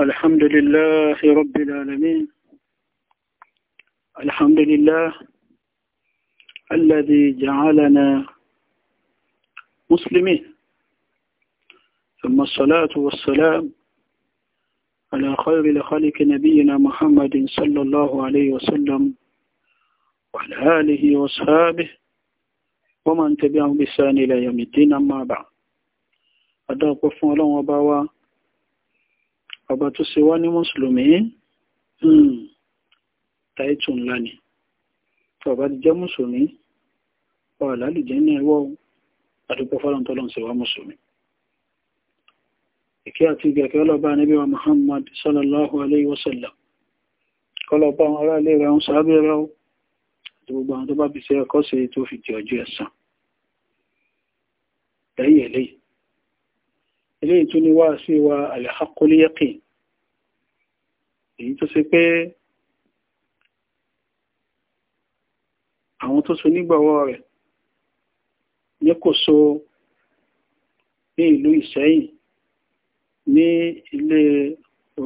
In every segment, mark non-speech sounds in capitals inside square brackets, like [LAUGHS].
الحمد لله رب العالمين الحمد لله الذي جعلنا مسلمين ثم الصلاة والسلام على خير لخلق نبينا محمد صلى الله عليه وسلم وعلى آله وأصحابه ومن تبعهم بسان إلى يوم الدين أما بعد أدعوكم الله وبركاته ọba tó ṣe wá ní mùsùlùmí hmm, táìtù ńlá ni ọba ti jẹ́ mùsùlùmí ọ̀rọ̀ lálùjẹ́ ní ẹwọ́ àdúgbò fọ́lọ́ntọ́lọ́ ṣe wá mùsùlùmí ìkẹ́ àti ìgbẹ̀kẹ́ ọlọ́ba níbi wa Muhammad sallallahu alayhi wa sallam kọlọ́ba àwọn ará ilé rẹ̀ ń sáábẹ̀ rẹ̀ àti gbogbo àwọn tó bá fi ṣe ẹ̀kọ́ sí tó fi di ọjọ́ ẹ̀san lẹ́yìn eléyìí ilé ìtúni wá sí wa al-haqqul yaqin èyí tó ṣe pé àwọn tó so nígbàwọ́ rẹ̀ ní kò so ní ìlú Ìṣẹ́yìn ní ilé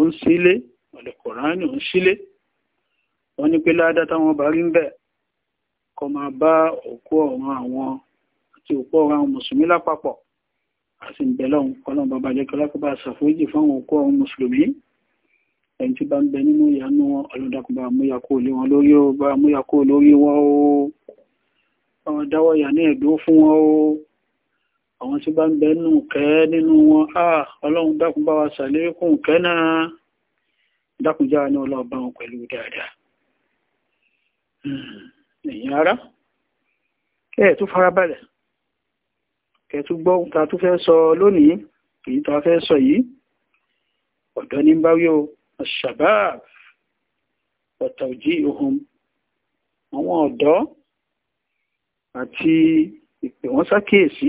òǹsílé ọ̀lẹ̀kọ̀ránì òǹsílé wọ́n ní pé ládátá wọn bá rí ń bẹ̀ kọ máa bá òkú ọ̀ràn àwọn àti òkú ọ̀ràn mùsùlùmí lápapọ̀ a sì ń bẹ lọ́hùn kọ́lọ́n bàbá jẹ́ kọ́lákọ́bà ṣàforíjì fáwọn òkú àwọn mùsùlùmí ẹni tí bá ń bẹ nínú ìyanu ọlọ́dàkùnbà amúyakó lé wọn lórí ó bá amúyakó lórí wọn ó àwọn dáwọ́ ìyá ní ẹ̀dó fún wọn ó àwọn tí bá ń bẹ nínú kẹ́ nínú wọn á ọlọ́run dákùnbà wa ṣàlékún kẹ́ náà dákùnjá ní ọlọ́ọ̀bá wọn pẹ̀lú dáadáa hmm, ẹ̀yin ara ẹ̀ tó farabalẹ̀ kẹtùgbọ́ ta tún fẹ́ sọ lónìí èyí ta fẹ́ sọ yìí ọ̀dọ́ ní bá wí o shabab ọ̀tàwùjí ohun àwọn ọ̀dọ́ àti ìpè wọ́n sákèèsí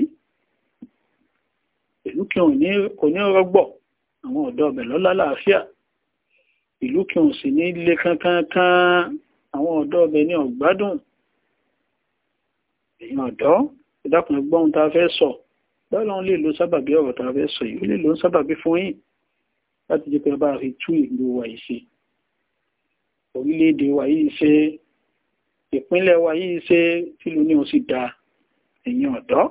ìlú kí kò ní rọgbọ̀ àwọn ọ̀dọ́ ọ̀bẹ̀ lọ́lá láàáfíà ìlú kí òun sì ní ilé kankankan àwọn ọ̀dọ́ ọ̀bẹ̀ ní ọ̀gbádùn èèyàn ọ̀dọ́ ìdákùnrin gbọ́n tá a fẹ́ sọ báwọn lè lo sábàbí ọ̀rọ̀ tá a fẹ́ sọ yìí ó lè lo sábàbí fún yín láti jẹ́ pé bá rí tú ìlú wa yìí ṣe orílẹ̀-èdè wa yìí ṣe ìpínlẹ̀ wa yìí ṣe tìlú ní oṣù da ẹ̀yìn ọ̀dọ́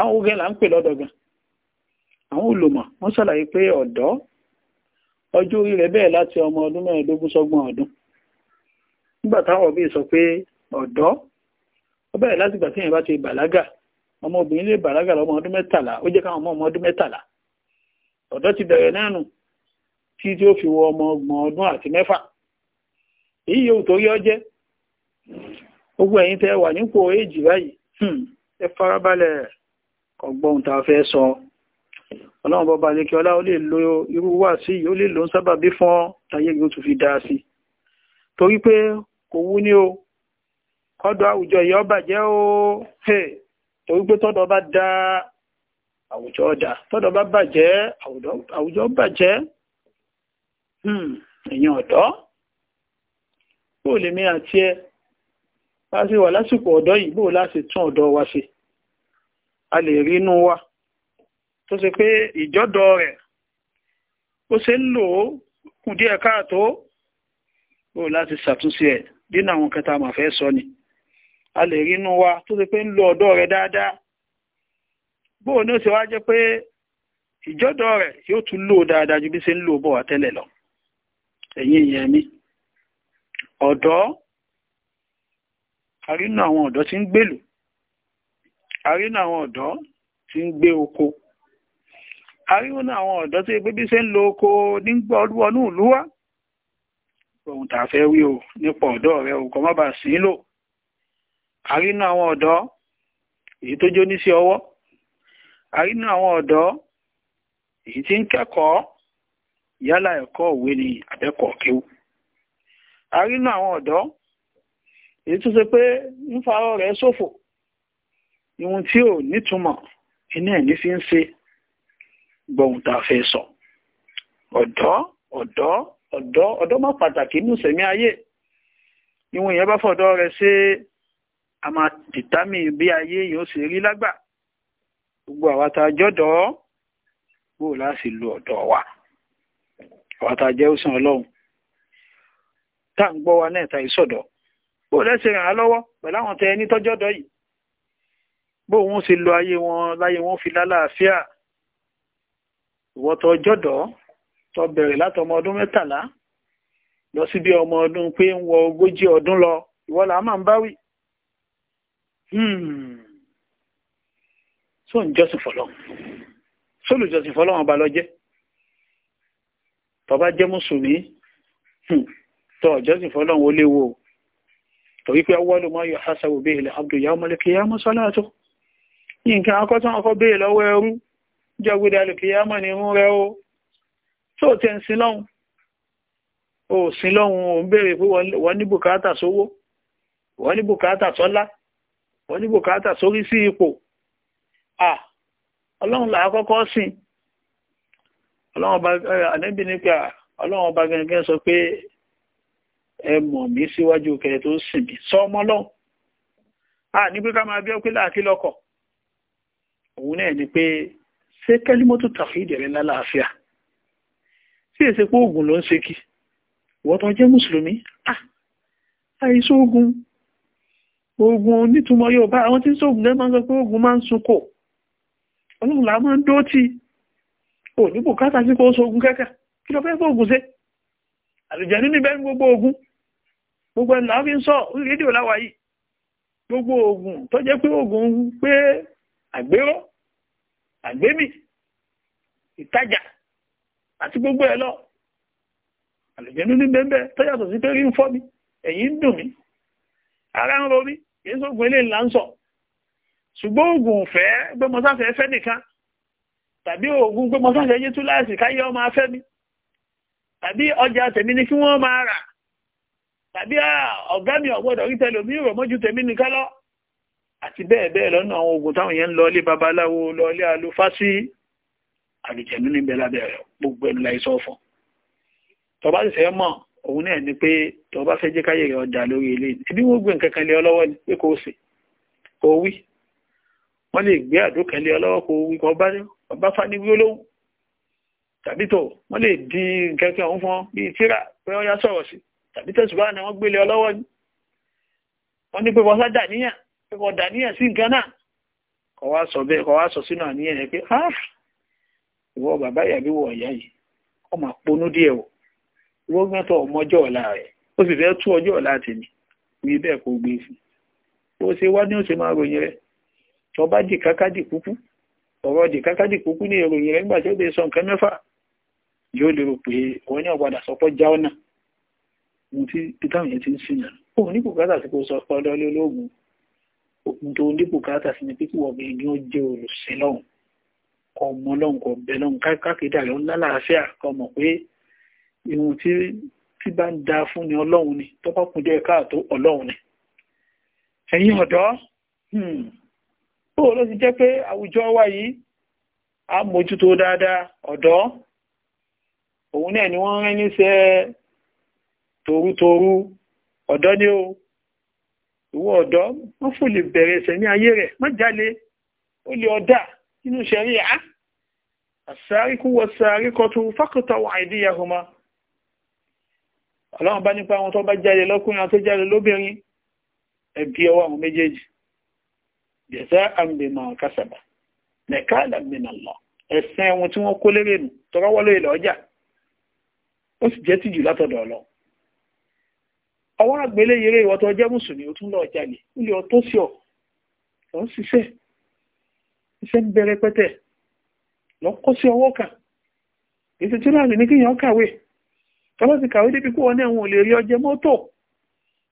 àwọn ogun là ń pè lọ́dọ̀ gan àwọn olùmọ̀ wọ́n ṣàlàyé pé ọ̀dọ́ ọjọ́ orí rẹ̀ bẹ́ẹ̀ láti ọmọ ọdún mẹ́ẹ̀ẹ́dógún sọ́gbọ̀n ọdún nígbà táwọn òbí sọ pé ọ̀dọ́ ó bẹ̀rẹ̀ láti ìgbà téèyàn bá ti bàlágà ọmọ obìnrin lè bàlágà lọ́mọ ọdún mẹ́tàlá ó jẹ́ káwọn ọmọ ọmọ ọdún mẹ́tàlá ọ̀dọ́ ti bẹ̀rẹ̀ náà nù tí tí ó fi wọ ọmọ ọgbọ̀n ọdún àti mẹ́fà èyí yòówù tó yọ jẹ́ gbogbo ẹ̀yin tẹ́ wà nípò éèjì báyìí hmm, ẹ farabalẹ̀ ọgbọ́n tá a fẹ́ sọ ọlọ́run bọba lékẹ́ ọlá ó lè lo irú wà sí ó lè lo ń sábàbí fún ayé yóò tún fi dáa sí torí pé kò wú ní o kọ́dọ̀ àwùjọ yìí ọba jẹ́ o torí pé tọ́dọ̀ bá dá àwùjọ ọ̀dà tọ́dọ̀ bá bàjẹ́ àwùjọ bàjẹ́ èèyàn hmm, ọ̀dọ́ bó lè mi àti ẹ bá sì wà lásìkò ọ̀dọ́ yìí bó láti tún ọ̀dọ́ wa ṣe a lè rí inú wa tó ṣe pé ìjọ́dọ̀ rẹ̀ ó ṣe ń lò ó kùn díẹ̀ káàtó bó láti ṣàtúnṣe ẹ̀ nínú àwọn kẹta mà sọ ni a lè rí inú wa tó ṣe pé ń lo ọ̀dọ́ rẹ̀ dáadáa bóò ní ó ṣe wá jẹ́ pé ìjọ́dọ̀ rẹ̀ yóò tún lò dáadáa ju bí ṣe ń lò bọ̀ wá tẹ́lẹ̀ lọ ẹ̀yin ìyẹn mi ọ̀dọ́ àrínú àwọn ọ̀dọ́ tí ń gbèlú àrínú àwọn ọ̀dọ́ tí ń gbé oko àrínú àwọn ọ̀dọ́ tí gbé bí ṣe ń lo oko nígbà ọdún ìlú wa ohun tàfẹ́ wí o nípa ọ̀dọ́ rẹ̀ o kò má bàa sí lò àrínú àwọn ọ̀dọ́ èyí tó jóní sí ọwọ́ àrínú àwọn ọ̀dọ́ èyí tí ń kẹ́kọ̀ọ́ yálà ẹ̀kọ́ òwe ni àbẹ́kọ̀ọ́ àrínú àwọn ọ̀dọ́ èyí tó ṣe pé ń farọ́ rẹ̀ ṣòfò tí ò nítumọ̀ iná fi ń ṣe gbọ̀hùn tá a fẹ́ sọ ọ̀dọ́ ọ̀dọ́ ọ̀dọ́ ọ̀dọ́ má pàtàkì ayé a máa dìtámì bí ayé èèyàn ó sì rí lágbà gbogbo àwa tá a jọ́dọ̀ bó o láti lu ọ̀dọ̀ wa àwa tá a jẹ́ òsàn ọlọ́run tá à ń gbọ́ wa náà ta ìsọ̀dọ̀ bó o lẹ́sẹ̀ ràn án lọ́wọ́ pẹ̀lú àwọn tẹ ẹni tọ́jọ́dọ̀ yìí bó wọn ṣe lo ayé wọn láyé wọn fi lálàáfíà ìwọ tó jọ́dọ̀ tó bẹ̀rẹ̀ látọmọ ọdún mẹ́tàlá lọ sí bí ọmọ ọdún pé ń wọ ogójì ọdún lọ ìwọ làá máa ń báwì Hmm. so ń jọ́sìn fọ́lọ́ sólùjọ́sìn fọ́lọ́ wọn bá lọ́jẹ́ tọba jẹ́ mùsùlùmí hmm, tọ jọ́sìn fọ́lọ́ wọn ó léwu o torí pé awọ́lù mọ́ yóò hásáwò bí ilẹ̀ abdul yahoo kí yá mọ́ sọ́lá tó nǹkan akọ́tán ọkọ̀ béèrè lọ́wọ́ ẹrú jẹ́gbẹ̀dẹ̀ alùkìyàmọ̀ ní irun rẹ o tó tẹ́ ń sin lọ́hun o sin lọ́hun o ń béèrè pé wọ́n ní bùkátà sówó wọ́n ní bùkátà sọ́lá wọ́n ní bùkátà sórí sí ipò à ọlọ́run là á kọ́kọ́ sìn ọlọ́run ọba ànẹ́bí ní pé ọlọ́run ọba gẹ́gẹ́ sọ pé ẹ mọ̀ mí síwájú kẹrẹ tó sìn mí sọ ọmọ lọ́hùn à ní pé ká máa bí ọ pé láàkí lọ́kọ̀ òun náà ni pé ṣé kẹ́límọ́tò tàfíìdì rẹ oògùn onítùmọ̀ Yorùbá àwọn tí ń sóògùn lẹ́mọ́ sọ pé oògùn máa ń sunkò ọlọ́run là máa ń dó tí ò ní bùkátà sí kó sóògùn kẹ́kẹ́ kí lọ fẹ́ fóògùn ṣe àlùjẹ̀nú níbẹ̀ ń gbogbo oògùn gbogbo ẹ̀ làwọn sọ orí rédíò láwa yìí gbogbo oògùn tó jẹ́ pé oògùn pé àgbérò àgbémì ìtajà àti gbogbo ẹ̀ lọ àlùjẹ̀nú níbẹ̀ ń bẹ tó yàtọ̀ sí pé rí ń fọ́ mi ẹ̀yìn ń dùn mí ara ń ro mí kìí sóògùn ilé ńlá ń sọ ṣùgbọ́n oògùn fẹ́ pé mo sáfẹ́ fẹ́ nìkan tàbí oògùn pé mo sáfẹ́ yé túláàsì káyé ọmọ afẹ́ mi tàbí ọjà tèmi ni kí wọ́n máa rà tàbí ọ̀gá mi ọ̀gbọ́dọ̀ rí tẹ́lẹ̀ omi ìrọ̀ mọ́jú tèmi nìkan lọ àti bẹ́ẹ̀ bẹ́ẹ̀ lọ́nà àwọn oògùn táwọn yẹn ń lọ ilé babaláwo lọ ilé alufásí àlùjẹ̀nú níbẹ̀ lábẹ́ rẹ̀ gbogbo ẹnu láìsọ́ fún tọba sì fẹ́ mọ̀ òun náà ni pé tó bá fẹ́ jẹ́ káyè rẹ̀ ọjà lórí ilé ibi wọ́n gbé nǹkan kan lé ọlọ́wọ́ ni pé kò sí kò wí wọ́n lè gbé àdókan lé ọlọ́wọ́ kò wí kò bá fani wí olóhùn tàbí tó wọ́n lè di nǹkan kan òun fún ọ bíi tíra pé wọ́n yá sọ̀rọ̀ sí tàbí tẹ̀sùbá ni wọ́n gbé lé ọlọ́wọ́ ni wọ́n ní pé wọ́n sá dàníyàn pé kò dàníyàn sí nǹkan náà kò wá sọ bẹ́ẹ̀ kò wá sọ sínú àníyàn yẹn pé ìwọ bàbá ìyàbí wọ ìyá rọ́gbọ́ntọ̀ ọmọjọ́ ọ̀la rẹ̀ ó sì fẹ́ tú ọjọ́ ọ̀la tèmi ní bẹ́ẹ̀ kò gbé sí e bó ṣe wá ní òṣè máa ròyìn rẹ̀ tó bá dì kákádì kúkú ọ̀rọ̀ dì kákádì kúkú ní ìròyìn rẹ̀ nígbà tí ó lè sọ nǹkan mẹ́fà yóò lérò pé òun ní ọ̀padà sọpọ́ já ọ̀nà mo ti ìtàwọn yẹn ti ń sìn òun ní bùkátà sí kò sọ ọdọ lé òun tó ní bùkátà sí ni pípọ̀ ọ̀gbìn ni e ó jẹ́ olùsìn lọ́hùn ọmọ lọ́hùn kọ̀ bẹ̀ lọ́hùn káàkiri dàrẹ́ ńlá làáfíà kọ mọ̀ pé ìwọ̀n tí tí bá ń da fún ni ọlọ́run ni tó bá kún jẹ́ káàtó ọlọ́run ni ẹ̀yin ọ̀dọ́ hmm, ó ló ti jẹ́ pé àwùjọ wa yìí a mójútó dáadáa ọ̀dọ́ òun náà ni wọ́n rán níṣẹ́ torútorú ọ̀dọ́ ni ó ìwọ ọ̀dọ́ wọ́n fò lè bẹ̀rẹ̀ ẹsẹ̀ ní ayé rẹ̀ má jalè ó lè ọ̀dà nínú ìṣẹ̀rí à àsáríkú wọ sáríkọ wà ìdíyàwó máa ọlọ́run bá nípa àwọn tó bá jáde lọ́kùnrin tó jáde lóbìnrin ẹbí ọwọ́ àwọn méjèèjì jẹ́sẹ́ àmìmọ̀ kásàbà nẹ̀ká àlàmìnà lọ ẹ̀sẹ̀ ẹ̀wọ̀n tí wọ́n kó lérè nù tọ́rọ́wọ́ lórí lọ́jà ó sì jẹ́ tìjú látọ̀dọ̀ ọlọ́ ọwọ́ àgbélé yẹrẹ ìwọ tó jẹ́ mùsùlùmí ó tún lọ jalè ilé ọtó sí ọ ọ ṣiṣẹ́ iṣẹ́ ń bẹ̀rẹ̀ pẹ́tẹ̀ lọ́kọ́ sí ọwọ́ kan ètò tí láàrin tọ́bọ́ ti kàwé débi kúwọ́ náà wọn ò lè rí ọjẹ́ mọ́tò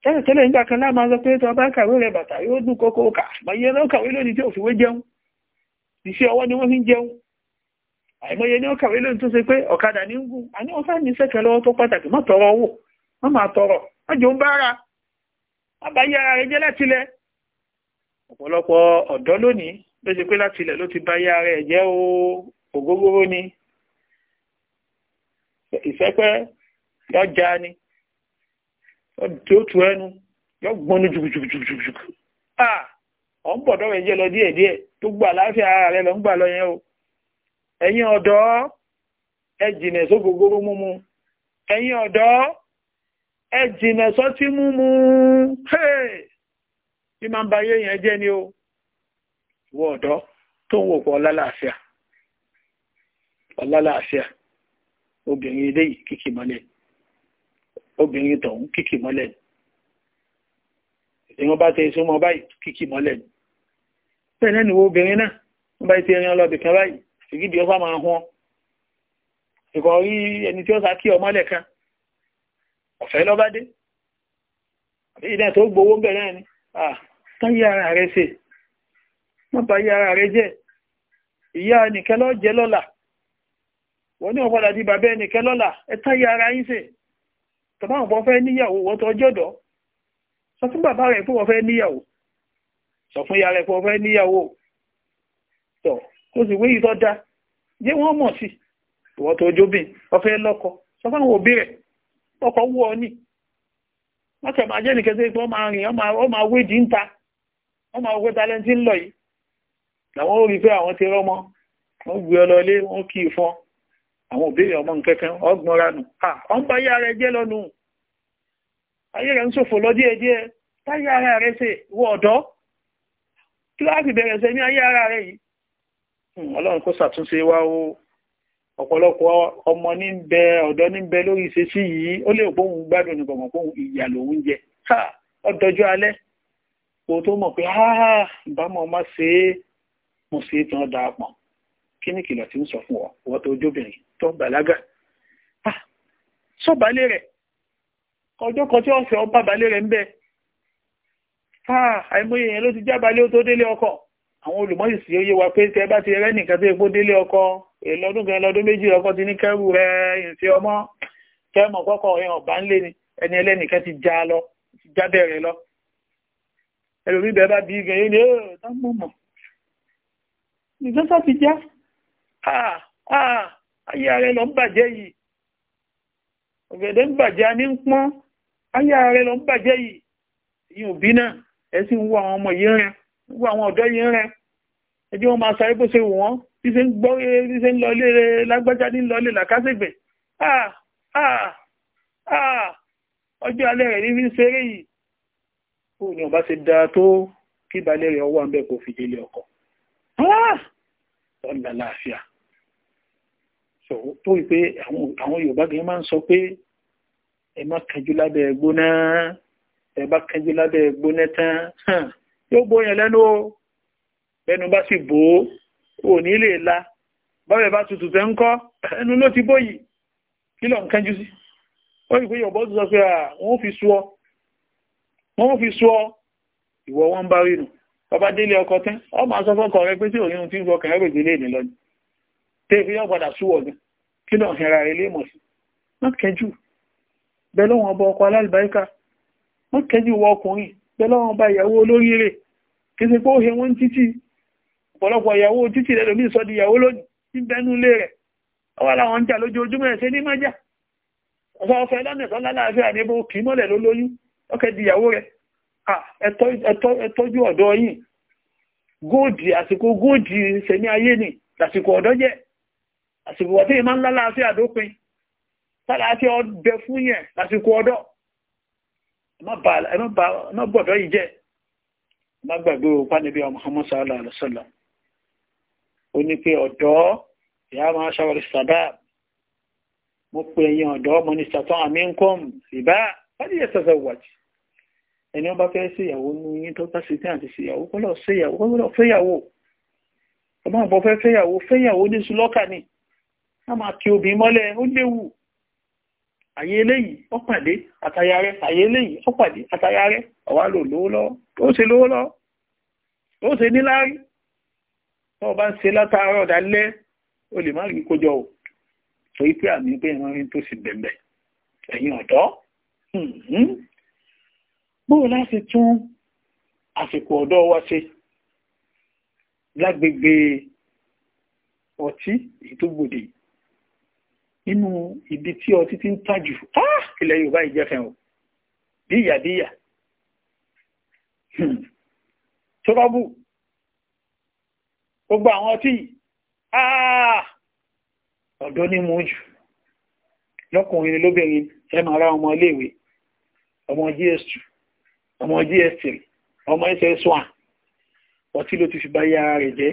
tẹ́lẹ̀tẹ́lẹ̀ nígbà kan láàmà sọ pé tọ́ bá kàwé rẹ̀ bàtà yóò dùn kókó kà mọ̀yẹ náà kàwé lónìí tí ò jẹun iṣẹ́ ọwọ́ ni wọ́n fi ń jẹun àìmọye ní ọkàwé lónìí tó ṣe pé ọ̀kadà ní ń gùn àní wọ́n sáà ní sẹ́kẹ̀ lọ́wọ́ tọrọ má máa tọrọ má bára má bá ara láti ọ̀pọ̀lọpọ̀ ọ̀dọ́ lónìí ló ṣe pé láti yọ já ni tí ó tu ẹnu yọ gbọ́n ní jùkùjùkùjùkùjùkù ah ọ̀ ń bọ̀ dọ́wọ̀ ẹ̀jẹ̀ lọ díẹ̀díẹ̀ tó gbà láàfin ara rẹ̀ lọ ń gbà lọ yẹn o ẹ̀yin ọ̀dọ́ ẹ jìnà sógógóró múmu ẹ̀yin ọ̀dọ́ ẹ jìnà sọ́tí múmu tí máa ń ba ayé yẹn jẹ́ ni o ìwọ ọ̀dọ́ tó ń wò pọ̀ ọlálàáfíà ọlálàáfíà obìnrin eléyìí kìkì mọ́lẹ̀ obìnrin tọ̀hún kìkì mọ́lẹ̀ ni wọ́n bá tẹ iṣẹ́ ọmọ báyìí kìkì mọ́lẹ̀ ni bẹ́ẹ̀ náà nìwọ obìnrin náà wọ́n bá ti ẹran lọ́bì kan báyìí ìgídì ọfà máa hún ìkọ̀ rí ẹni tí ó sá kí ọmọlẹ̀ kan ọ̀fẹ́ lọ́bádé àbí ìdá tó gbowó bẹ̀rẹ̀ ni tán yí ara rẹ̀ ṣe wọ́n bá yí ara rẹ̀ jẹ́ ìyá nìkẹ́ lọ́ jẹ́ lọ́la wọ́n ní ọ̀pọ̀lá bàbá àwọn fẹ́ níyàwó wọ́n tó jọ́dọ̀ sọ fún bàbá rẹ̀ fún níyàwó sọ fún rẹ̀ fún fẹ́ níyàwó kó sì wéyìí dá yé wọ́n mọ̀ sí ìwọ́n tó jóbìn lọ́kọ sọ fún àwọn òbí rẹ̀ ọkọ̀ wú ọ ní wọ́n máa jẹ́ nìkan tó wọ́n máa rìn wọ́n máa wọ́n máa wé talẹ́ntì ń lọ àwọn òbèrè ọmọ nkẹ́kẹ́ ọgbọ̀n ránù ọmọ ayé ara ẹjẹ́ lọ́nu ayé rẹ̀ ń ṣòfò lọ́dí ẹjẹ́ táyé ara rẹ̀ ṣe wọ ọ̀dọ́ kí láti bẹ̀rẹ̀ ṣe ní ayé ara rẹ̀ yìí hmm, ọlọ́run kó ṣàtúnṣe wá o ọ̀pọ̀lọpọ̀ ọmọ ní ń bẹ ọ̀dọ́ ní ń bẹ lórí ìṣesí yìí ó lè bóun gbádùn ní gbọ̀ngàn bóun ìyà lòun jẹ ọdọjọ́ alẹ́ kò tó mọ̀ pé ìbámu ọmọ ṣe é mo ṣe é tán dáa pọ̀ kí ni kìlọ̀ tí ń sọ fún ọ ìwọ tó jóbìnrin tó bàlágà ah, sọ́bàálé rẹ̀ ọjọ́ kan tí ó fẹ́ ọba bàálé rẹ̀ ń bẹ ah, àìmọye yẹn ló ti jábàálé ó tó délé ọkọ àwọn olùmọ́sí sí ó yé wa pé tẹ́ bá ti rẹ́ nìkan tó epo délé ọkọ èlọ́dún kan lọ́dún méjì ọkọ ti ní kẹrù rẹ ìfẹ́ ọmọ kẹmọ̀ kọ́kọ́ rẹ ọ̀bá ń lé ni ẹni ẹlẹ́nìkan ti já lọ ti jábẹ̀ rẹ lọ ẹlòmí bẹ́ẹ̀ bá bí gan yé ni ó tán mọ̀ mọ̀ ìgbésà ti já ah, ayé ààrẹ lọ ń bàjẹ́ yìí ọ̀gẹ̀dẹ̀ ń bàjẹ́ ní ń pọ́n ayé ààrẹ lọ ń bàjẹ́ yìí yìí òbí náà ẹ sì ń wo àwọn ọmọ yìí rẹ ń wo àwọn ọ̀dọ́ yìí rẹ ẹjẹ́ wọn máa sáré bó ṣe wù wọ́n bí ṣe ń gbọ́ bí ṣe ń lọlé lágbájá ní lọlé làkásìgbè ah ah ah ọjọ́ alẹ́ rẹ̀ ní fi ń ṣeré yìí kó ní ọba ṣe dáa tó kí balẹ̀ rẹ̀ ọwọ́ àbẹ́ kò fi délé ọkọ̀ ah tó wípé àwọn Yorùbá gan máa ń sọ pé ẹ má kẹjú lábẹ́ gbóná ẹ bá kẹjú lábẹ́ gbóná tán yóò gbóyàn lẹ́nu o bẹ́nu bá sì bò ó ò ní lè la bábẹ̀ bá tutù tẹ́ ń kọ́ ẹnu ló ti bóyì kí lọ ń kẹjú sí ó rí pé Yorùbá tó sọ pé wọ́n fi sú ọ wọ́n fi sú ọ ìwọ wọn bá rí nù bàbá délé ọkọ tán ọ máa sọ fọkọ rẹ pé tí òun ti ń fọkàn rẹ gbègbè lé ní lọ ni tẹ́ fi padà sú ọ kí náà fi ra ilé ìmọ̀sí má kẹjú bẹ́ẹ̀ lọ́wọ́n ọba ọkọ alálùbáríkà má kẹjú wọ ọkùnrin bẹ́ẹ̀ lọ́wọ́n ọba ìyàwó olóríire kì í ṣe pé ó he wọ́n títì ọ̀pọ̀lọpọ̀ ìyàwó títì rẹ̀ lómi ìsọdí ìyàwó lónìí tí ń bẹnu ilé rẹ̀ ọwọ́ làwọn ń jà lójoojúmọ́ ẹ̀ṣẹ́ ní májà ọ̀sán ọ̀fẹ́ lọ́nà ìsọ́nà láàáfíà ní ebó ayé ni lásìkò ọ̀dọ́ jẹ́ àsìkò wọ́n tí ìmá ńlá láàáfíà dópin tálàáfíà ọdẹ fún yẹn lásìkò ọdọ́ ẹmọ́ gbọ́dọ̀ yìí jẹ́ ma gbàgbé òpá níbi Muhammad sallallahu alaihi wasallam ó ní pé ọ̀dọ́ ìyá máa ṣàwọ̀rì sàdá mo pe ẹ̀yin ọ̀dọ́ mọ́nísítà tán àmínkọ́m ìbá fàdí ẹ̀sẹ̀sẹ̀ wàjì ẹni ọba fẹ́ sí ìyàwó ní yín tó bá sí tí àti sí ìyàwó kọ́lọ̀ fẹ́yàwó ọmọ ọ̀bọ̀ fẹ́ fẹ́yàwó fẹ́yàwó ní sùlọ́kà ni wọ́n máa kí obìnrin mọ́lẹ̀ ó léwu àyè eléyìí ó pàdé àtàyà rẹ̀ àyè eléyìí ó pàdé àtàyà rẹ̀ ọ̀wá lò lówó lọ́wọ́ ó ṣe lówó lọ́wọ́ ó ṣe níláárí tó o bá ń ṣe látàárọ̀ dálẹ́ o lè má rí kójọ o torí pé àmì pé ìran rí tó sì bẹ̀bẹ̀ ẹ̀yin ọ̀dọ́ hmm. bóò láti tún àsìkò ọ̀dọ́ wa ṣe lágbègbè ọtí èyí yìí nínú ibi tí ọtí ti ń tàjù ah! ilẹ̀ yorùbá ìjẹfẹ́ o díyàdíyà hmm. tọ́rọ́bù gbogbo àwọn ọtí ah! ọ̀dọ́ ní mú jù lọ́kùnrin ni lóbìnrin ẹ máa ra ọmọ iléèwé ọmọ gs2 ọmọ gs3 ọmọ ss1 ọtí ló ti fi bá yára rẹ̀ jẹ́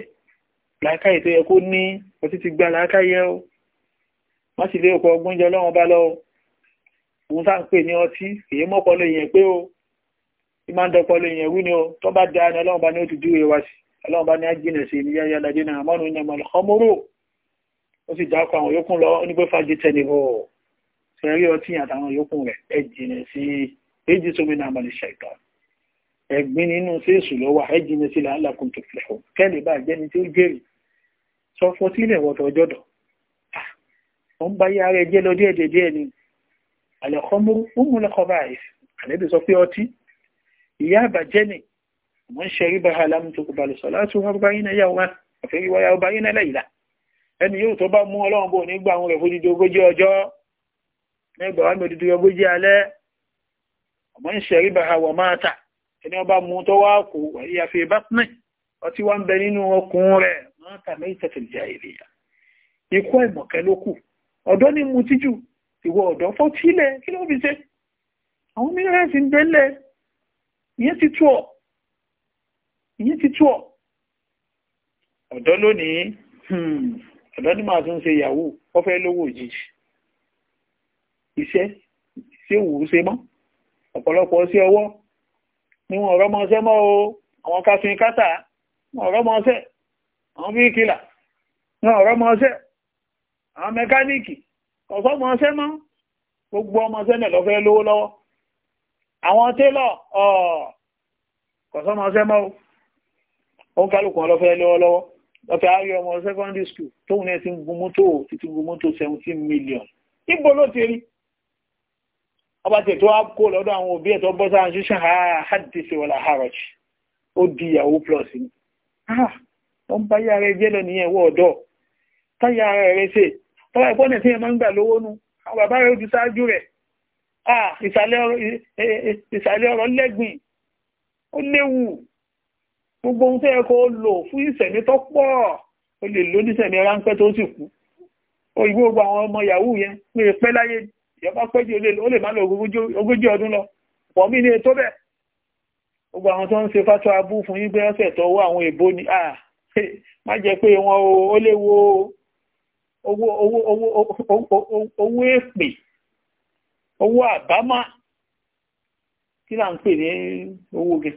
làákàyè tó yẹ kó ní ọtí ti gbá làákàyè o wọ́n sì lé ọkọ̀ ọgbọ́njẹ ọlọ́run bá lọ́wọ́ òun sáà ń pè ní ọtí èyí mọ́kànlẹ̀ èèyàn pé o tí máa ń dọ́kọ́ lè yẹn wí ni o tó bá dáa ní ọlọ́run bá ní ó ti júwe wá sí ọlọ́run bá ní ájínà sí ní yáyá lajé náà mọ́nu ní ọmọ ọmọrò ó sì dákọ̀ àwọn yókùn lọ ní pé fàájì tẹ́lẹ̀ bọ̀ sẹ́rí ọtí àtàwọn yókùn rẹ̀ ẹ jìnà sí éjì sómi náà mọ̀ ní ṣàìtọ́ ẹ̀gbin nínú séèsù ló wà ẹ jìnà sí làálàkùn tó fi lẹ́fọ̀ kẹ́lẹ̀ bá jẹ́ni tí ó jẹ́rì sọ fọtílẹ̀ wọ́tọ̀ ọjọ́dọ̀ ó ń bá yá rẹ̀ jẹ́ lọ díẹ̀ díẹ̀ ni àlẹ́kọ́mọ́rú ó mú lẹ́kọ́ báyìí àlẹ́bí sọ pé ọtí ìyá àbàjẹ́ ni wọ́n ṣe rí bá aláàmú tó kò balùsọ̀ láti wọ́n bá yín náà yà wọ́n àfẹ́rí wáyà ọba yín náà lẹ́yìnlá ẹni yóò tó bá mú ọlọ́run bò ní gbà àwọn rẹ̀ fojúdi ogójì ọjọ́ nígbà wà lódìdí ogójì alẹ́ ọmọ ṣe rí bá àwọ̀ máa tà ẹni ọba mú tó wá kó wàyí àfi bátínì ọtí wá bẹ nínú ọkùnrin rẹ̀ máa tà mẹ́yìn tẹ̀tẹ̀lì jà ikú ẹ̀mọ̀kẹ́ ló kù ọ̀dọ́ ní mutí jù ìwọ ọ̀dọ́ fọ́ tílẹ̀ kí ló fi ṣe àwọn mìíràn sì ń bẹ́lẹ̀ ìyẹn ti tú ọ̀ ìyẹn ti tú ọ̀ ọ̀dọ́ lónìí hmm, ọ̀dọ́ ní máa tún ṣe yahoo wọ́n fẹ́ lówó òjijì iṣẹ́ ṣé wù ú ṣe mọ́ ọ̀pọ̀lọpọ̀ sí ọwọ́ ni wọn ọ̀rọ̀ mọ́ṣẹ́ mọ́ o àwọn kásìn kátà wọn ọ̀rọ̀ mọ́ṣẹ́ àwọn bíríkìlà wọn ọ̀rọ̀ mọ́ṣẹ́ àwọn mẹkáníìkì ọ̀sọ́mọ ọṣẹ́ mọ́ gbogbo ọmọ ṣẹ́nẹ̀ lọ́fẹ́ lówó lọ́wọ́ àwọn télọ̀ ọ̀sọ́mọ ọṣẹ́ mọ́ ó kálùkùn lọ́fẹ́ lówó lọ́wọ́ lọ́fẹ́ ayé ọmọ secondary school tóun náà ti ń gun mọ́tò títí gun mọ́tò 17 million níbo ló ti rí ọba tètò á kó lọ́dọ̀ àwọn òbí ẹ̀tọ́ bọ́ sáà ṣíṣàn àádìsí wọlà harrods ó di ìyàwó plus ni ó ah, ń bá yára ẹjẹ́ lọ nìyẹn wọ́ ọ̀dọ́ táyà ara rẹ̀ ṣe tọ́wà ìfọ́nà tí ẹ máa ń gbà lówó nu àwọn bàbá rẹ̀ ojú sáájú rẹ̀ ìsàlẹ̀ ọ̀rọ̀ lẹ́gbìn ó léwu gbogbo ohun tó yẹ kó lò fún ìsẹ̀mí tó pọ̀ ó lè lò nísẹ̀mí ráńpẹ́ tó sì kú òyìnbó gbogbo àwọn ọmọ yahoo yẹn pé pẹ́ láyé ìyọ́pá pẹ́ jù ó lè má lọ ogójì ọdún lọ pọ̀ mí ní ètò e bẹ́ẹ̀ gbogbo àwọn tó ń ṣe fátó abú fún yín gbé ọ̀sẹ̀ tọwọ́ àwọn èbó ni [LAUGHS] má jẹ́ pé wọn ó léwu o owó owó owó owó èpè owó àbámọ̀ kí là ń pè ní owó gẹ̀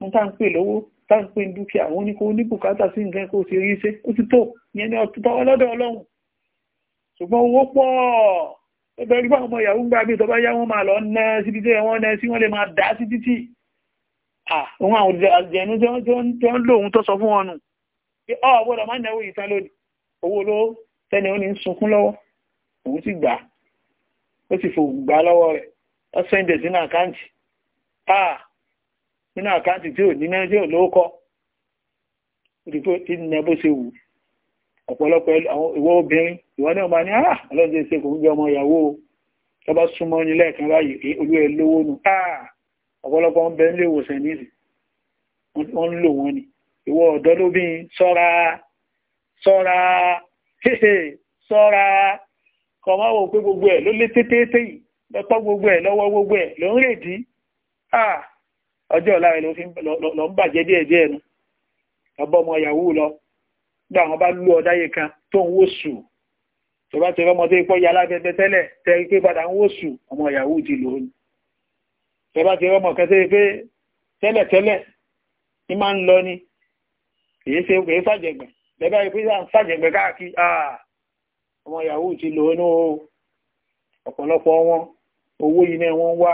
mo tá ń pè lówó tá ń pè ní dúkìá àwọn oníkó oníbùkátà sí nǹkan kó ṣe rí iṣẹ́ ó ti tó ìyẹn ni ọ̀tútọ́ ọlọ́dọ̀ ọlọ́run ṣùgbọ́n owó pọ̀ ẹgbẹ́ rí fún ọmọ ìyàwó ń gbá bí tọba yá wọn máa lọ ná síbi tí wọ́n ná sí wọ́n lè máa dá sí títì àwọn àjẹ̀nú tí wọ́n lòun tó sọ fún ọnù pé ọ gbọ́dọ̀ má náwó ìtàn lónìí owó ló tẹ́ni ó ń sunkún lọ́wọ́ òun sì gbà ó sì fò gbà lọ́wọ́ rẹ̀ ó sẹ́ndẹ̀ sínú àkáǹtì ah nínú àkáǹtì tí ò ní náà tí ò lówó kọ́ ìdìbò ìdìnnà bó ṣe wù ọ̀pọ̀lọpọ̀ ìwọ obìnrin ìwọ náà máa ní àà ah! ọlọ́dún ṣe kò ń gbé ọmọ ìyàwó tó bá súnmọ́ ní lẹ́ẹ̀kan báyìí olú ẹ lówó ah! ọ̀pọ̀lọpọ̀ ń bẹ sọ́ra sọ́ra kọ̀mọ́ wò pé gbogbo ẹ̀ ló lé tétété yìí lọ́pọ̀ gbogbo ẹ̀ lọ́wọ́ gbogbo ẹ̀ ló ń rè dí ọjọ́ ọ̀la rẹ̀ lọ ń bàjẹ́ díẹ̀ díẹ̀ ọbọ̀ ọmọ yahoo lọ gbà wọn bá lú ọdáyé kan tó ń wò sù tó bá ti rọ́mọ tó ya tẹ́lẹ̀ pé ọmọ yahoo ti lò ó tó bá ti rọ́mọ kan pé tẹ́lẹ̀ ni ṣe bẹ́ẹ̀ rí písà ń sàjẹ̀gbẹ́ káàkiri ọmọ yahoo ti lò ní ọ̀pọ̀lọpọ̀ wọn owó yìí náà wọ́n wá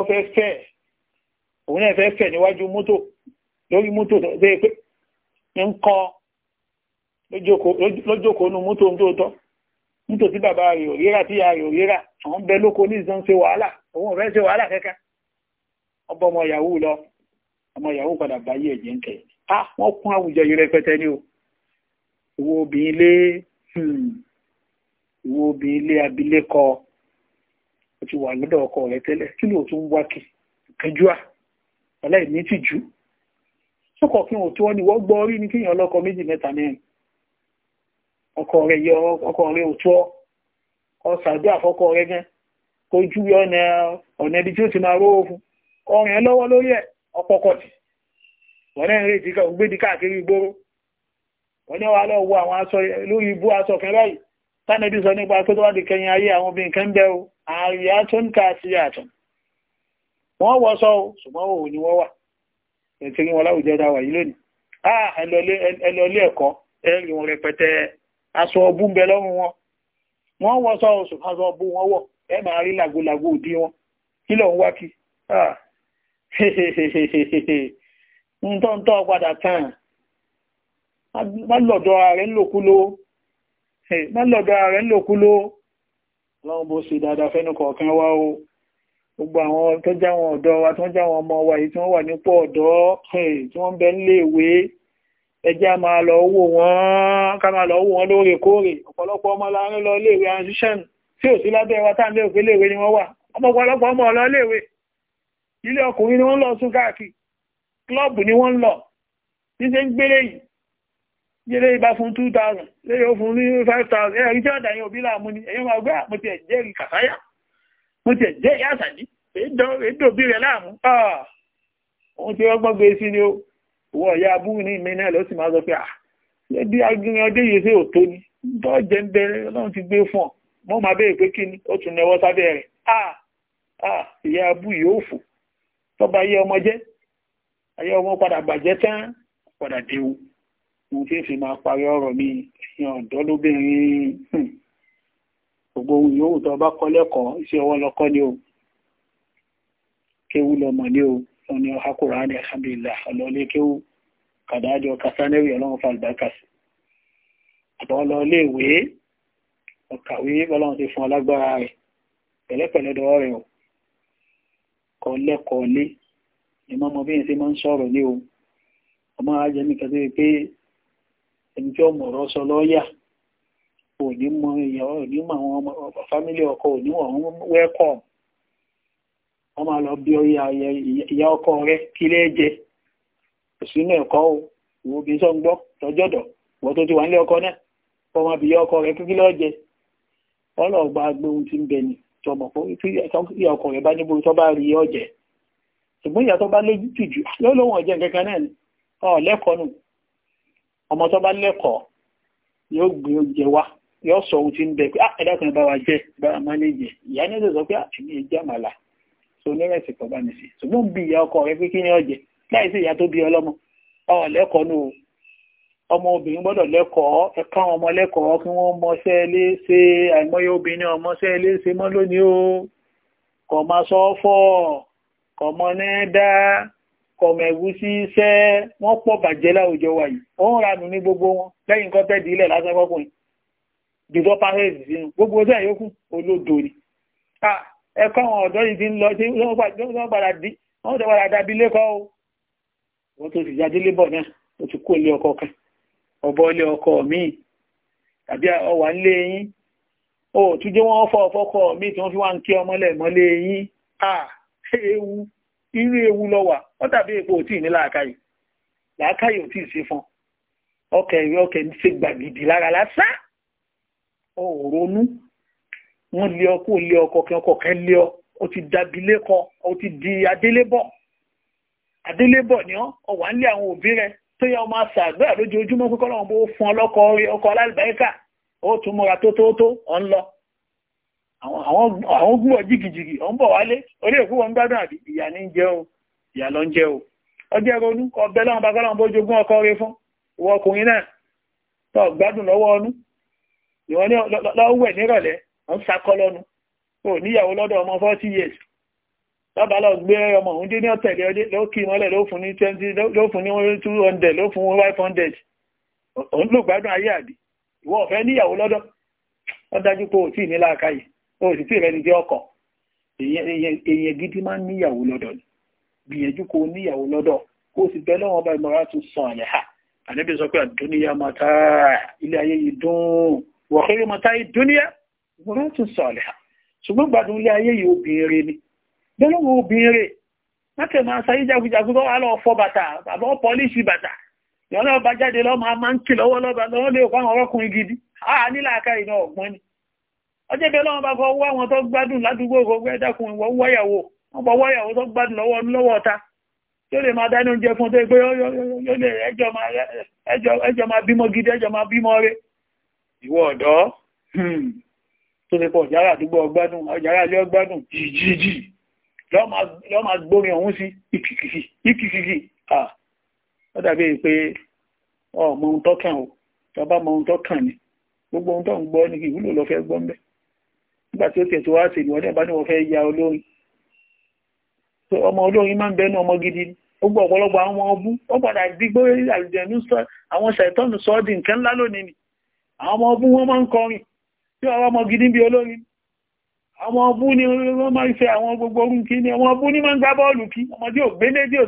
ọfẹ́ fẹ́ òun náà fẹ́ fẹ́ níwájú mọ́tò lórí mọ́tò tó ṣe pé ń kọ́ lójókòó nu mọ́tò tó tọ́ mọ́tò tí bàbá rẹ̀ ò rírà tí ìyá rẹ̀ ò rírà àwọn bẹ lóko ní ìsan ṣe wàhálà òun ò fẹ́ ṣe wàhálà kẹ́kẹ́ ọba ọmọ yahoo lọ ọmọ yahoo padà báyé ẹ̀jẹ̀ ń tẹ̀ ah wọ́n kún àwùjọ yìí rẹpẹtẹ ni o ìwọ obìnrin lé hmm, ìwọ obìnrin lé abilékọ o ti wà lọ́dọ̀ ọkọ rẹ tẹ́lẹ̀ kí ló tún wá kí kẹjúà aláìní tìjú sókọ̀ kí wọn tó wọn ni wọ́n gbọ́ orí ọlọ́kọ méjì mẹ́ta mẹ́rin ọkọ rẹ yọ ọkọ rẹ ò tó ọ ṣàdé àfọkọ rẹ gan ọ̀nà ọ̀nà ibi tí ó ti máa rówó fún ọrùn lọ́wọ́ lórí tì wọ́n ní wàá lọ wo àwọn aṣọ lórí ibú aṣọ kan báyìí tánàbí sọ nípa pé tó wá di kẹyìn ayé àwọn obìnrin kan bẹ́ o àríyá tó ń ká sí àtọ̀ wọ́n wọ́ sọ o ṣùgbọ́n òun ni wọ́n wà ẹ̀tìrí wọn láwùjọ dáwà yìí lónìí ah ẹlọ́lé ẹ̀kọ́ ẹ̀rì wọn rẹpẹtẹ aṣọ ọbú ń bẹ lọ́rùn wọn wọ́n wọ́ sọ o ṣùgbọ́n aṣọ ọbú wọn wọ̀ ẹ máa rí làgolàgo òdí wọn kí lọ́n wá kí ah ń tọ́ ń tọ́ padà tán má lọ́dọ̀ ààrẹ ńlòkulò má lọ́dọ̀ ààrẹ ńlòkulò ọlọ́run bó ṣe dáadáa fẹ́nu kọ̀ọ̀kan wá o gbogbo àwọn tó já wọn ọ̀dọ́ wa tó já wọn ọmọ wa yìí tí wọ́n wà nípò ọ̀dọ́ tí wọ́n bẹ nílé ìwé ẹjẹ́ a máa lọ wò wọ́n ká máa lọ wò wọ́n lóòrèkóòrè ọ̀pọ̀lọpọ̀ ọmọ láàrín lọ ni wọ́n ni wọ́n lọ ní ṣe ń gbélé jẹ́lé ibá fún 2,000 lẹ́yìn ó fún ní 5,000 ẹ̀rí tí ọ̀dà yẹn òbí láàmú ni ẹ̀yọ́ máa gbé àpótí ẹ̀jẹ́ rí kàfáyà mo ti ẹ̀jẹ́ ìyá àṣàjí èdò bí rẹ̀ láàmú ohun ah! tí ọgbọ́n gbé sí ni ó wọ ọ̀yá abúrú ní ìmẹ́ náà ló sì máa sọ pé ah! bí agbẹ̀rin ọdẹ yìí sí òtó ni bọ́ jẹ́ ń bẹ̀rẹ̀ ọlọ́run ti gbé fún ọ mo máa bẹ̀rẹ̀ pé kí ni ó tún nẹwọ́ sábẹ́ rẹ̀ ah! ìyá abú yìí ó fò tọ́ba ayé ọmọ jẹ́ ayé ọmọ padà bàjẹ́ tán padà déwu ohun tí èsì máa parí ọ̀rọ̀ mi èèyàn ọ̀dọ́ lóbìnrin hmm. gbogbo ohun yòówù tó bá kọ́ lẹ́kọ̀ọ́ iṣẹ́ ọwọ́ lọ́kọ́ ni o kéwú lọmọ ni o wọn ni ọha kò rán ní alhamdulillah ọlọ́lé kéwú kàdájọ kasanẹ́rì ọlọ́run fa àlùbáríkà sí àbọ̀ ọlọ́lé ìwé ọ̀kàwé ọlọ́run ti fún ọlágbára rẹ̀ pẹ̀lẹ́pẹ̀lẹ́ dọ́wọ́ rẹ̀ o kọ́ lẹ́kọ̀ọ́ lé ìmọ̀ ọmọ bí yẹn ti máa ń sọ̀rọ̀ ní o ọmọ ajẹ́mí kẹsíwé pé ẹnjọ́ mọ̀rọ̀ sọ lọ́ọ́yà òní mọ èèyàn òní mọ àwọn fámílì ọkọ òní wọn wẹ́kọ̀m wọ́n máa lọ bí ìyá ọkọ rẹ kí lẹ́ jẹ òsínú ẹ̀kọ́ o ìwò bí sọ ń gbọ́ ọkọ náà wọ́n máa bí ìyá ọkọ rẹ kí jẹ wọ́n gba agbóhun tí ń bẹ ọkọ rẹ bá níbo tó bá rí ọjẹ ṣùgbọ́n ìyá tó bá lójú ọmọ tó bá lẹ́kọ̀ọ́ yóò gbé oúnjẹ wá yóò sọ ohun tí ń bẹ pé ah ẹ̀dá kan bá wa jẹ bá wa máa lè jẹ ìyá ní ẹ̀sẹ̀ sọ pé àtúnyẹ ah, jẹ́ àmàlà so onírẹ̀sì kan bá mi sí ṣùgbọ́n bí ìyá ọkọ rẹ pé kí ni ọ̀jẹ̀ láì sí ìyá tó bí ọlọ́mọ ọ̀ lẹ́kọ̀ọ́ nù ọmọ obìnrin gbọ́dọ̀ lẹ́kọ̀ọ́ ẹ̀ka àwọn ọmọ lẹ́kọ̀ọ́ kí wọ́n mọṣẹ́ léṣe àìmọye obìnrin ọmọṣẹ́ léṣe mọ́ lónìí o kọ̀ máa sọ fọ́ kọ̀ mọ́ ní dáa kọ̀mọ̀ ẹ̀gúsí iṣẹ́ wọ́n pọ̀ bàjẹ́ láwùjọ wa yìí ó ń ranù ní gbogbo wọn lẹ́yìn kan tẹ́ẹ̀dì ilẹ̀ lásán kọkùnrin dùdọ́ pàṣẹ́sì sínú gbogbo ọjọ́ ìyókù olódo ni ẹ̀kọ́ àwọn ọ̀dọ́ yìí ti ń lọ sí wọ́n padà dábí lẹ́kọ́ o wọ́n tó sì jáde lébọ̀ náà ó ti kó ilé ọkọ kan ọ̀bọ ilé ọkọ míì tàbí ọwà ńlé yín ó tún jẹ́ wọ́n fọ́ ọ̀fọ́kọ míì tí wọ́n fi wá ń kí ọmọlẹ̀ mọ́lé yín ah ewu irú ewu lọ wà ó dàbí epo ò tí ì ní làákàyè làákàyè ò tí ì ṣe fún ọkẹ ìwé ọkẹ ń ṣe gbàgìdì lára lásán ọ ò ronú wọn lé ọ lé ọkọ kí ọkọ kẹ lé ọ ó ti dàbí lẹkọ ó ti di adélébọ adélébọ ni ọ ọ wà ń lé àwọn òbí rẹ tó yẹ ọmọ àṣà àgbẹ̀ lójoojúmọ́ pé kọ́lọ́wọ́n bó fún ọlọ́kọ ọkọ alálùbáríkà ó tún múra tó ọ̀ ń lọ àwọn gúnbọ̀ jìgìjìgì ọ̀n bọ̀ wálé orí èkú wọn gbádùn àbí ìyà ní jẹ́ o ìyà lọ ń jẹ́ o ọjẹ́ ronú ọbẹ̀ láwọn bàbá láwọn bójogún ọkọ rẹ fún ìwọ ọkùnrin náà tó gbádùn lọ́wọ́ ọnú ìwọ ní lọ́wẹ̀ nírọ̀lẹ́ ọ̀n sakọ lọ́nu o níyàwó lọ́dọ̀ ọmọ 40 years bàbá lọ gbé ọmọ òun dé ní ọ̀tẹ̀lẹ̀ ọdẹ ló kí mọ́lẹ̀ ló fún ní 20 ló fún ní 200 ló fún 500 òun ló gbádùn ayé àbí ìwọ ọ̀fẹ́ níyàwó lọ́dọ̀ wọ́n dájú pé ò tí wọn ò sì tí ìrẹni jẹ́ ọkọ èèyàn gidi máa ń níyàwó lọ́dọ̀ ni gbìyànjú kó níyàwó lọ́dọ̀ kó o sì bẹ́ lọ́wọ́ ọba ìmọ̀ra tún sàn àlẹ́ ha ànábì sọ pé àdúníyà mọ́tà ilé ayé yìí dùn wọ̀kẹ́rẹ́ mọ́tà ìdúníyà ìmọ̀ra tún sàn àlẹ́ ha ṣùgbọ́n gbádùn ilé ayé yìí obìnrin ni bẹ́ẹ̀ lọ́wọ́ obìnrin láti máa sáyé jagunjagun lọ́wọ́ alọ́ ọ̀fọ́ bàtà àbọ̀ pọ́líṣì bàtà ìyọ́nà ọba jáde lọ́mọ a máa ń kì lọ́wọ́ lọ́ba lọ́wọ́ lè kọ́ àwọn ọkùnrin gidi ọjọ́ bẹ́ẹ̀ lọ́wọ́ bá fọ́ wá wọn tó gbádùn ládùúgbò ọgbẹ́ ẹ̀dàkùn ìwọ̀ wọ́yàwó wọ́n bọ̀ wọ́yàwó tó gbádùn lọ́wọ́ lọ́wọ́ ọ̀ta tí ó lè máa dání oúnjẹ fún tó gbé ẹjọ́ máa bímọ gidi ẹjọ́ máa bímọ rẹ̀ ìwọ ọ̀dọ́ hmm, tó lè pọ̀ yàrá àdúgbò ọgbádùn yàrá ilé ọgbádùn jìjìjì lọ́ máa gbórin ọ̀hún sí ìkìkìkì ó dàbí pé ọmọ ohun tó kàn ó tọba mọ ohun tó kàn ní gbogbo ohun tó ń gbọ́ ní ìwúlò lọ fẹ́ gbọ́ mẹ́ nígbà tí ó tẹ̀ tó wá sí ìwọ̀n dẹ̀ bá ní wọ́n fẹ́ ya olórin ọmọ olórin máa ń bẹnu ọmọ gidi ó gbọ́ ọ̀pọ̀lọpọ̀ àwọn ọmọ ọbú ó padà dígbó àjẹ̀nú àwọn ṣàìtọ́nù sọ́ọ̀dì nǹkan lónìí ni àwọn ọmọ ọbú wọ́n máa ń kọrin tí ọwọ́ ọmọ gidi bí olórin àwọn ọbú ni wọ́n máa ń fẹ́ àwọn gbogbo orun ni ọmọ ọbú ni máa ń gbá bọ́ọ̀lù kí ọmọ tí ò gbélé tí ò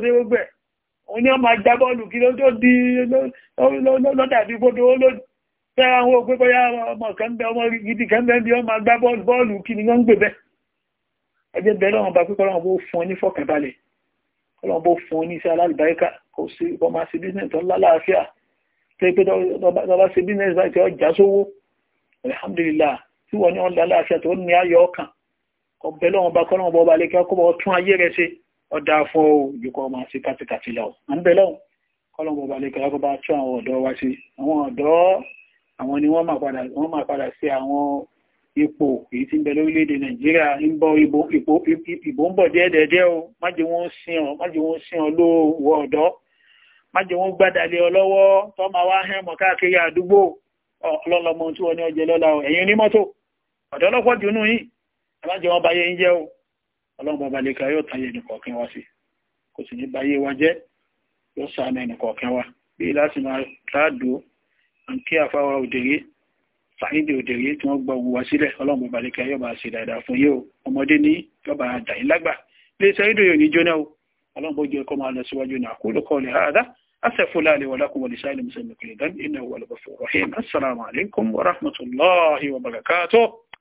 tẹ́ra wọn òpé bọ́yá ọmọ kẹ́ńbẹ́ ọmọ gidi kẹ́ńbẹ́ bí ọmọ agbá bọ́ọ̀lù bọ́ọ̀lù kí ni wọ́n ń gbé bẹ́ ẹgbẹ́ bẹ́ẹ̀ lọ́wọ́n bá pé kọ́lọ́wọ́n bó fún ọ ní fọkànbalẹ̀ kọ́lọ́wọ́n bó fún ọ ní iṣẹ́ alálùbáríkà kò sí ọmọ àṣẹ bísíǹnẹ̀ tó lálàáfíà tó pé lọ́ba ṣe bísíǹnẹ̀ báyìí tí ó já sówó alhamdulillah tí wọ́n ní wọn lálàáfíà ọ ìjùkọ́ ọmọ àṣẹ bá tún àwọn ọ̀dọ́ wá sí àwọn ọ̀dọ́ àwọn ni wọ́n máa padà sí àwọn ipò èyí tí ń bẹ lórílẹ̀-èdè nàìjíríà ń bọ ìbò ń bọ̀ díẹ̀dẹ̀ẹ́dẹ́ o má jẹ́ wọ́n sin ọ lóòwò ọ̀dọ́ má wọ́n gbádàlẹ̀ ọlọ́wọ́ lọ́wọ́ ma wá hẹ́mọ̀ káàkiri àdúgbò ọlọ́lọ́mọ tí wọ́n ní ọjẹ́ lọ́la onímọ́tò jùnú yìí ẹ kí àfáwà òdèrè sàídì òdèrè tí wọ́n gba òwúwa sílẹ̀ ọlọ́run bàbá lẹ́kẹ́ yọba sí dáadáa fún yóò ọmọdé ní yọba dàí lágbà lè sàídì òyìn ní jóná o ọlọ́run bó jẹ́ kọ́ máa lọ síwájú ní àkúlù kọ́ ní àádá asẹ́fúnlá àlè wà lákùnwà lè sáà lè mùsùlùmí